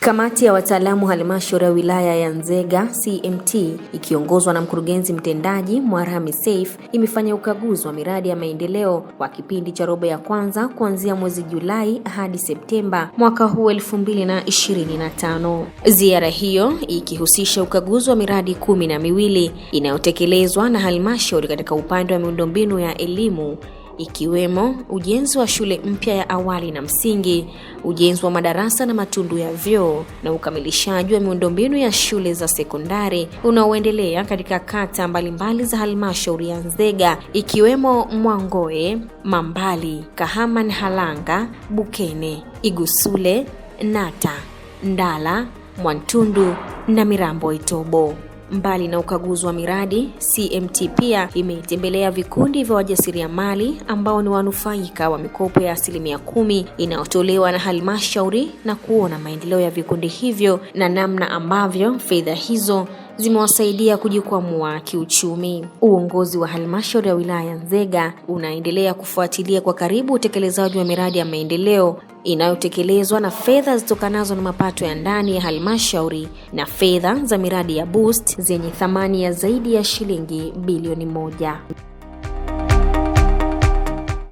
Kamati ya wataalamu halmashauri ya wilaya ya Nzega CMT ikiongozwa na mkurugenzi mtendaji Mwarami saif imefanya ukaguzi wa miradi ya maendeleo kwa kipindi cha robo ya kwanza kuanzia mwezi Julai hadi Septemba mwaka huu 2025. Ziara hiyo ikihusisha ukaguzi wa miradi kumi na miwili inayotekelezwa na halmashauri katika upande wa miundombinu ya elimu ikiwemo ujenzi wa shule mpya ya awali na msingi, ujenzi wa madarasa na matundu ya vyoo na ukamilishaji wa miundombinu ya shule za sekondari unaoendelea katika kata mbalimbali mbali za halmashauri ya Nzega ikiwemo Mwangoe, Mambali, Kahama, Halanga, Bukene, Igusule, Nata, Ndala, Mwantundu na Mirambo Itobo. Mbali na ukaguzi wa miradi, CMT pia imetembelea vikundi vya wajasiriamali ambao ni wanufaika wa mikopo ya asilimia kumi inayotolewa na halmashauri na kuona maendeleo ya vikundi hivyo na namna ambavyo fedha hizo zimewasaidia kujikwamua kiuchumi. Uongozi wa halmashauri ya wilaya ya Nzega unaendelea kufuatilia kwa karibu utekelezaji wa miradi ya maendeleo inayotekelezwa na fedha zitokanazo na mapato ya ndani ya halmashauri na fedha za miradi ya BOOST zenye thamani ya zaidi ya shilingi bilioni moja.